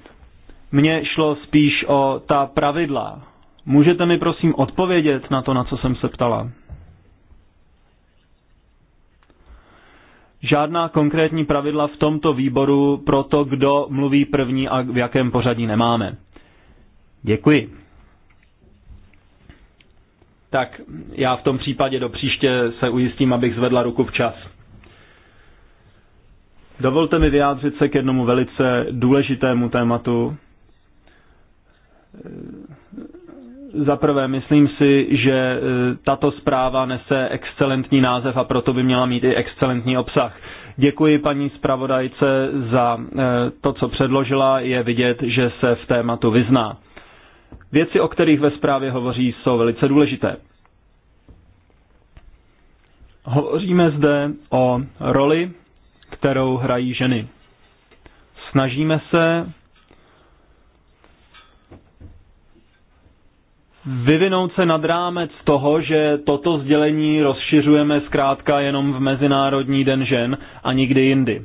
mně šlo spíš o ta pravidla, Můžete mi prosím odpovědět na to, na co jsem se ptala? Žádná konkrétní pravidla v tomto výboru pro to, kdo mluví první a v jakém pořadí nemáme. Děkuji. Tak já v tom případě do příště se ujistím, abych zvedla ruku včas. Dovolte mi vyjádřit se k jednomu velice důležitému tématu za prvé, myslím si, že e, tato zpráva nese excelentní název a proto by měla mít i excelentní obsah. Děkuji paní zpravodajce za e, to, co předložila. Je vidět, že se v tématu vyzná. Věci, o kterých ve zprávě hovoří, jsou velice důležité. Hovoříme zde o roli, kterou hrají ženy. Snažíme se vyvinout se nad rámec toho, že toto sdělení rozšiřujeme zkrátka jenom v Mezinárodní den žen a nikdy jindy.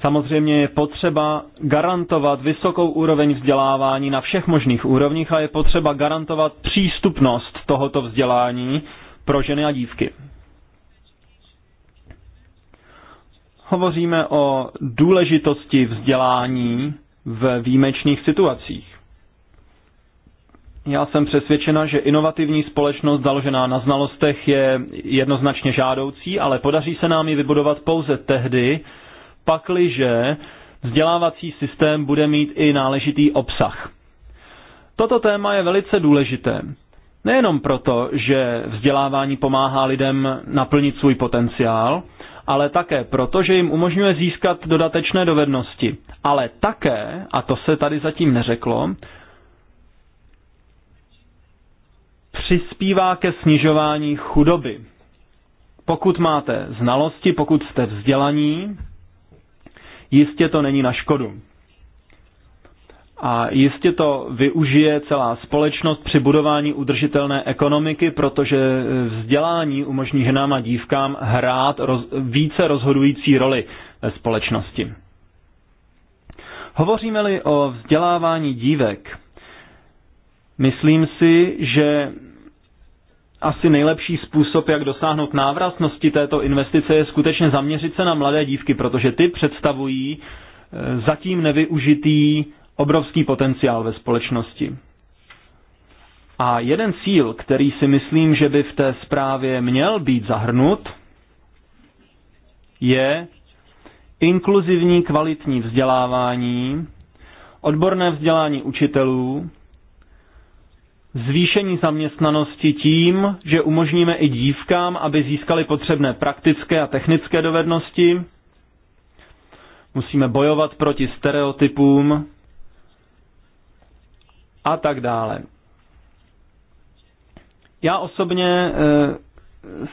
Samozřejmě je potřeba garantovat vysokou úroveň vzdělávání na všech možných úrovních a je potřeba garantovat přístupnost tohoto vzdělání pro ženy a dívky. Hovoříme o důležitosti vzdělání v výjimečných situacích. Já jsem přesvědčena, že inovativní společnost založená na znalostech je jednoznačně žádoucí, ale podaří se nám ji vybudovat pouze tehdy, pakliže vzdělávací systém bude mít i náležitý obsah. Toto téma je velice důležité. Nejenom proto, že vzdělávání pomáhá lidem naplnit svůj potenciál, ale také proto, že jim umožňuje získat dodatečné dovednosti. Ale také, a to se tady zatím neřeklo, přispívá ke snižování chudoby. Pokud máte znalosti, pokud jste vzdělaní, jistě to není na škodu. A jistě to využije celá společnost při budování udržitelné ekonomiky, protože vzdělání umožní ženám a dívkám hrát roz, více rozhodující roli ve společnosti. Hovoříme-li o vzdělávání dívek, myslím si, že asi nejlepší způsob, jak dosáhnout návratnosti této investice, je skutečně zaměřit se na mladé dívky, protože ty představují e, zatím nevyužitý obrovský potenciál ve společnosti. A jeden cíl, který si myslím, že by v té zprávě měl být zahrnut, je inkluzivní kvalitní vzdělávání, odborné vzdělání učitelů, zvýšení zaměstnanosti tím, že umožníme i dívkám, aby získali potřebné praktické a technické dovednosti. Musíme bojovat proti stereotypům a tak dále. Já osobně eh,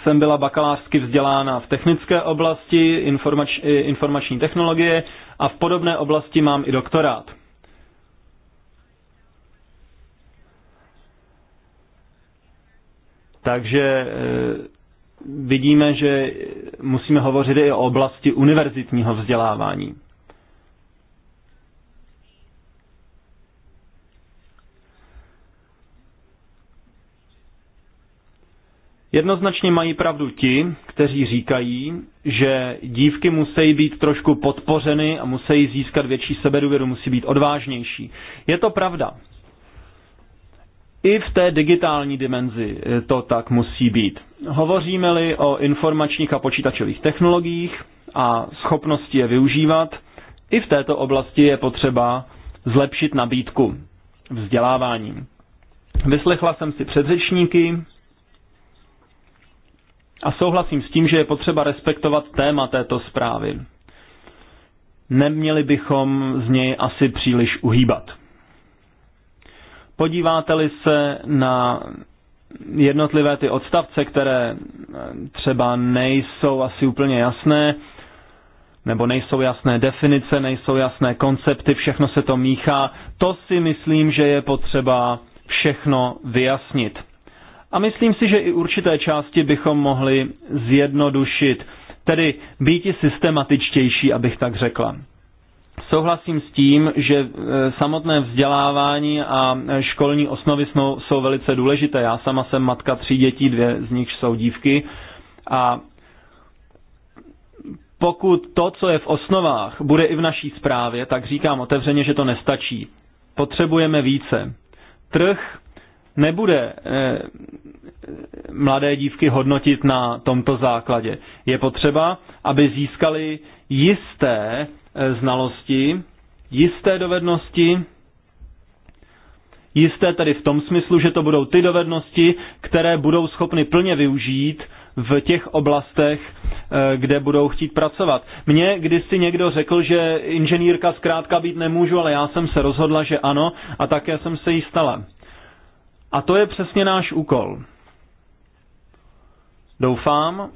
jsem byla bakalářsky vzdělána v technické oblasti, informač, eh, informační technologie a v podobné oblasti mám i doktorát. Takže e, vidíme, že musíme hovořit i o oblasti univerzitního vzdělávání. Jednoznačně mají pravdu ti, kteří říkají, že dívky musí být trošku podpořeny a musí získat větší sebedůvěru, musí být odvážnější. Je to pravda. I v té digitální dimenzi eh, to tak musí být. Hovoříme-li o informačních a počítačových technologiích a schopnosti je využívat, i v této oblasti je potřeba zlepšit nabídku vzděláváním. Vyslechla jsem si předřečníky a souhlasím s tím, že je potřeba respektovat téma této zprávy. Neměli bychom z něj asi příliš uhýbat. Podíváte-li se na jednotlivé ty odstavce, které eh, třeba nejsou asi úplně jasné, nebo nejsou jasné definice, nejsou jasné koncepty, všechno se to míchá, to si myslím, že je potřeba všechno vyjasnit. A myslím si, že i určité části bychom mohli zjednodušit, tedy býti systematičtější, abych tak řekla. Souhlasím s tím, že e, samotné vzdělávání a e, školní osnovy jsou velice důležité. Já sama jsem matka tří dětí, dvě z nich jsou dívky. A pokud to, co je v osnovách, bude i v naší zprávě, tak říkám otevřeně, že to nestačí. Potřebujeme více. Trh nebude e, mladé dívky hodnotit na tomto základě. Je potřeba, aby získali jisté znalosti, jisté dovednosti, jisté tedy v tom smyslu, že to budou ty dovednosti, které budou schopny plně využít v těch oblastech, eh, kde budou chtít pracovat. Mně kdysi někdo řekl, že inženýrka zkrátka být nemůžu, ale já jsem se rozhodla, že ano a také jsem se jí stala. A to je přesně náš úkol. Doufám,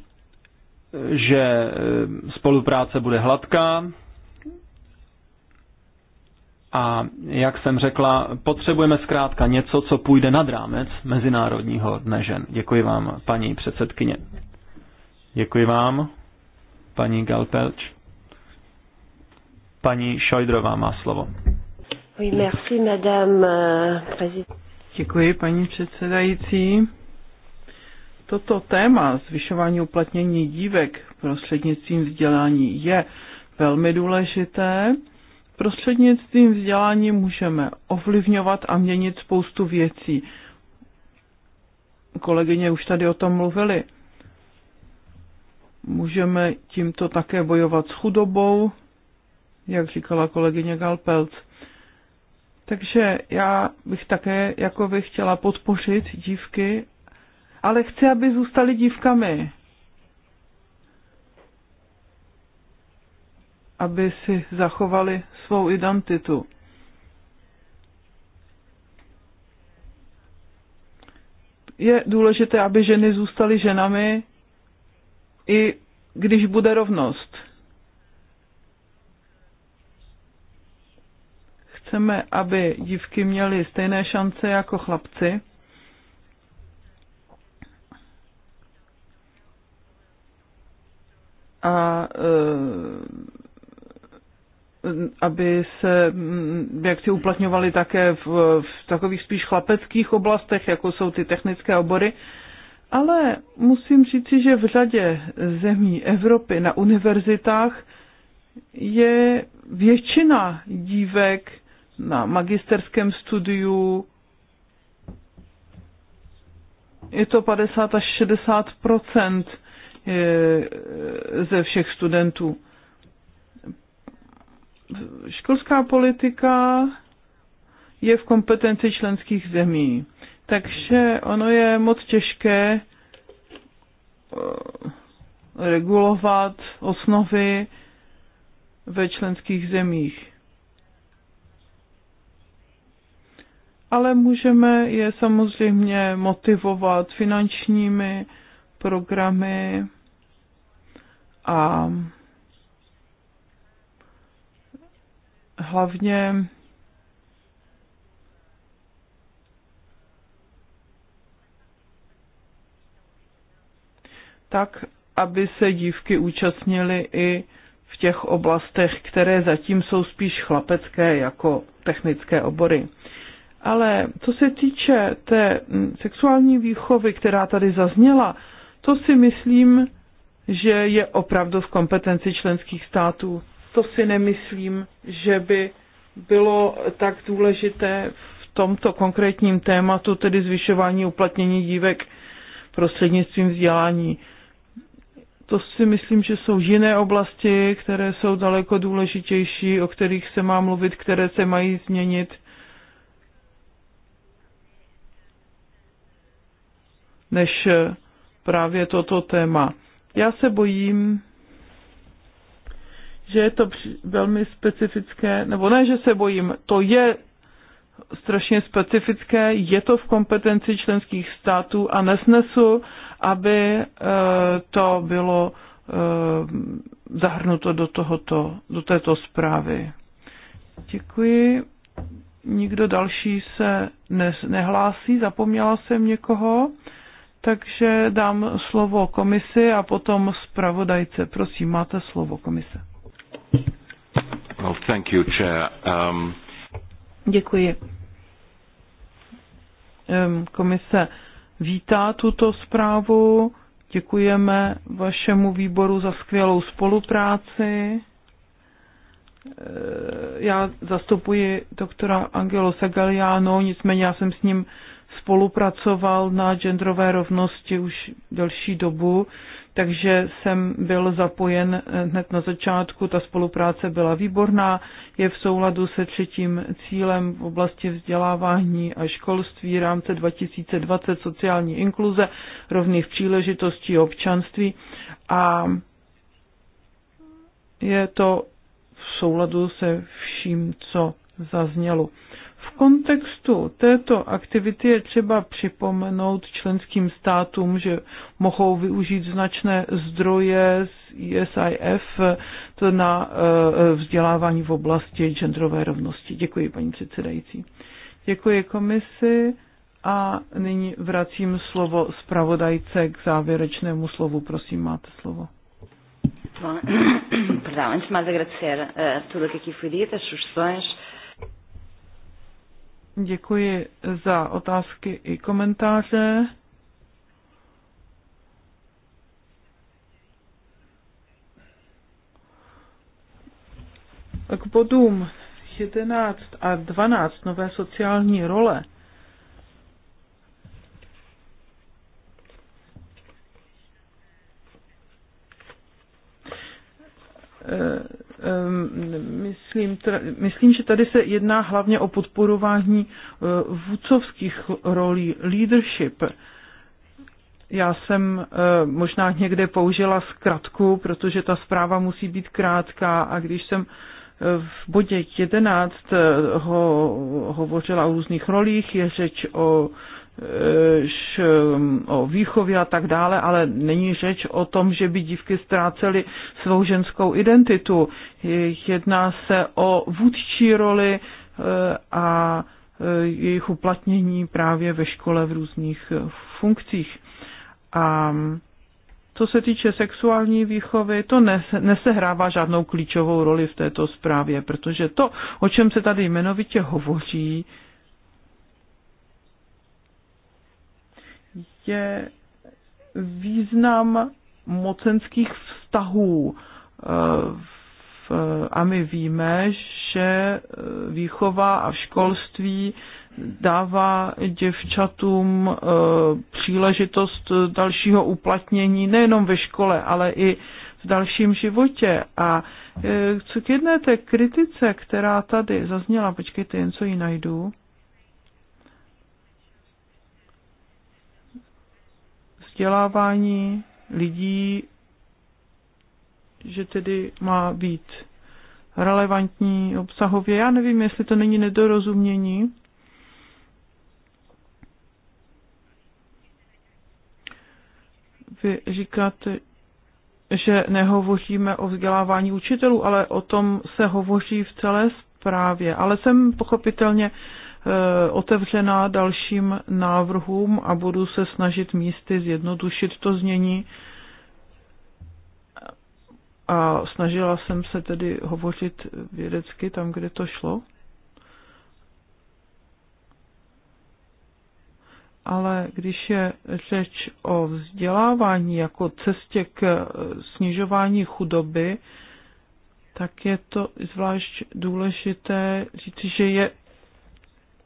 že eh, spolupráce bude hladká, a jak jsem řekla, potřebujeme zkrátka něco, co půjde nad rámec Mezinárodního dne žen. Děkuji vám, paní předsedkyně. Děkuji vám, paní Galpelč. Paní Šojdrová má slovo. Oui, merci, madame, euh, Děkuji, paní předsedající. Toto téma zvyšování uplatnění dívek prostřednictvím vzdělání je velmi důležité Prostřednictvím vzdělání můžeme ovlivňovat a měnit spoustu věcí. Kolegyně už tady o tom mluvili. Můžeme tímto také bojovat s chudobou, jak říkala kolegyně Galpelc. Takže já bych také jako vy chtěla podpořit dívky, ale chci, aby zůstaly dívkami. aby si zachovali svou identitu. Je důležité, aby ženy zůstaly ženami, i když bude rovnost. Chceme, aby dívky měly stejné šance jako chlapci. A e, aby se mm, jak si také v, v takových spíš chlapeckých oblastech, jako jsou ty technické obory. Ale musím říci, že v řadě zemí Evropy na univerzitách je většina dívek na magisterském studiu. Je to 50 až 60 eh, ze všech studentů školská politika je v kompetenci členských zemí. Takže ono je moc těžké eh, regulovat osnovy ve členských zemích. Ale můžeme je samozřejmě motivovat finančními programy a hlavně tak, aby se dívky účastnily i v těch oblastech, které zatím jsou spíš chlapecké jako technické obory. Ale co se týče té sexuální výchovy, která tady zazněla, to si myslím, že je opravdu v kompetenci členských států to si nemyslím, že by bylo tak důležité v tomto konkrétním tématu, tedy zvyšování uplatnění dívek prostřednictvím vzdělání. To si myslím, že jsou jiné oblasti, které jsou daleko důležitější, o kterých se má mluvit, které se mají změnit. než eh, právě toto téma. Já se bojím, že je to velmi specifické, nebo ne, že se bojím, to je strašně specifické, je to v kompetenci členských států a nesnesu, aby eh, to bylo eh, zahrnuto do, tohoto, do této zprávy. Děkuji. Nikdo další se ne, nehlásí, zapomněla jsem někoho, takže dám slovo komisi a potom zpravodajce. Prosím, máte slovo komise. Um, Děkuji. Komise vítá tuto zprávu. Děkujeme vašemu výboru za skvělou spolupráci. Eh, já zastupuji doktora Angelo Segaliano, nicméně já jsem s ním spolupracoval na genderové rovnosti už delší dobu takže jsem byl zapojen eh, hned na začátku. Ta spolupráce byla výborná, je v souladu se třetím cílem v oblasti vzdělávání a školství rámce 2020 sociální inkluze, rovných příležitostí občanství a je to v souladu se vším, co zaznělo kontextu této aktivity je třeba připomenout členským státům, že mohou využít značné zdroje z e ISIF na eh, vzdělávání v oblasti genderové rovnosti. Děkuji, paní předsedající. Děkuji komisi a nyní vracím slovo zpravodajce k závěrečnému slovu. Prosím, máte slovo. Bom, perdão, antes de mais agradecer uh, tudo o que aqui foi dito, as sugestões, uh, Děkuji za otázky i komentáře. K bodům 11 a 12 nové sociální role. E, Ehm, myslím, myslím, že tady se jedná hlavně o podporování eh, vůcovských rolí, leadership. Já jsem eh, možná někde použila zkratku, protože ta zpráva musí být krátká a když jsem eh, v bodě 11 ho, hovořila o různých rolích, je řeč o Eh, mm, o výchově a tak dále, ale není řeč o tom, že by dívky ztrácely svou ženskou identitu. Jedná se o vůdčí roli eh, a eh, jejich uplatnění právě ve škole v různých funkcích. A mm, co se týče sexuální výchovy, to nesehrává žádnou klíčovou roli v této zprávě, protože to, o čem se tady jmenovitě hovoří, prostě význam mocenských vztahů. Eh, a my víme, že eh, výchova a školství dává děvčatům eh, příležitost dalšího uplatnění nejenom ve škole, ale i v dalším životě. A co k jedné té kritice, která tady zazněla, počkejte, jen co ji najdu. vzdělávání lidí, že tedy má být relevantní obsahově. Já nevím, jestli to není nedorozumění. Vy říkáte, že nehovoříme o vzdělávání učitelů, ale o tom se hovoří v celé zprávě. Ale jsem pochopitelně Eh, otevřená dalším návrhům a budu se snažit místy zjednodušit to znění. A snažila jsem se tedy hovořit vědecky tam, kde to šlo. ale když je řeč o vzdělávání jako cestě k eh, snižování chudoby, tak je to zvlášť důležité říci, že je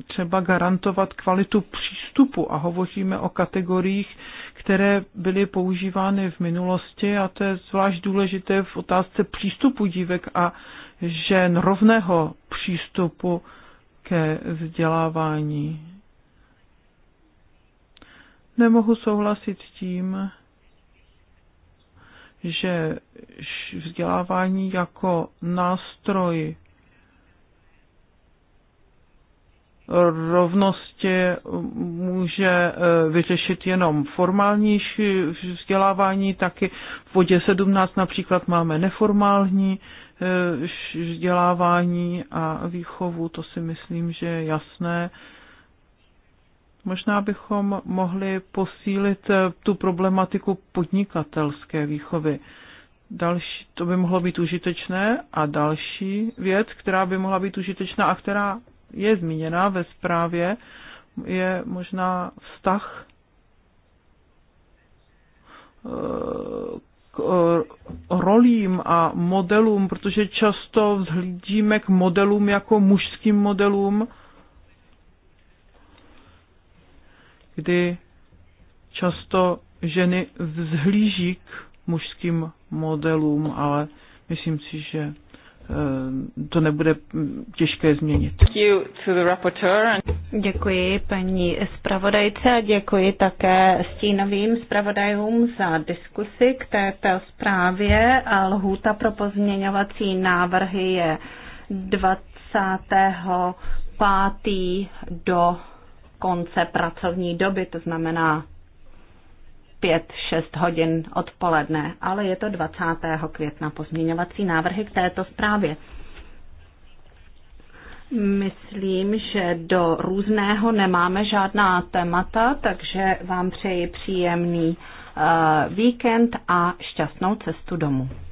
třeba garantovat kvalitu přístupu a hovoříme o kategoriích, které byly používány v minulosti a to je zvlášť důležité v otázce přístupu dívek a žen rovného přístupu ke vzdělávání. Nemohu souhlasit s tím, že vzdělávání jako nástroj rovnosti může eh, vyřešit jenom formálnější vzdělávání, taky v bodě 17 například máme neformální eh, vzdělávání a výchovu, to si myslím, že je jasné. Možná bychom mohli posílit eh, tu problematiku podnikatelské výchovy. Další, to by mohlo být užitečné. A další věc, která by mohla být užitečná a která je zmíněna ve zprávě, je možná vztah eh, k eh, rolím a modelům, protože často vzhlídíme k modelům jako mužským modelům, kdy často ženy vzhlíží k mužským modelům, ale myslím si, že Eh, to nebude těžké změnit. Děkuji paní zpravodajce a děkuji také stínovým zpravodajům za diskusi k této zprávě. A lhůta pro pozměňovací návrhy je 25. do konce pracovní doby, to znamená 5-6 hodin odpoledne, ale je to 20. května pozměňovací návrhy k této zprávě. Myslím, že do různého nemáme žádná témata, takže vám přeji příjemný eh, víkend a šťastnou cestu domů.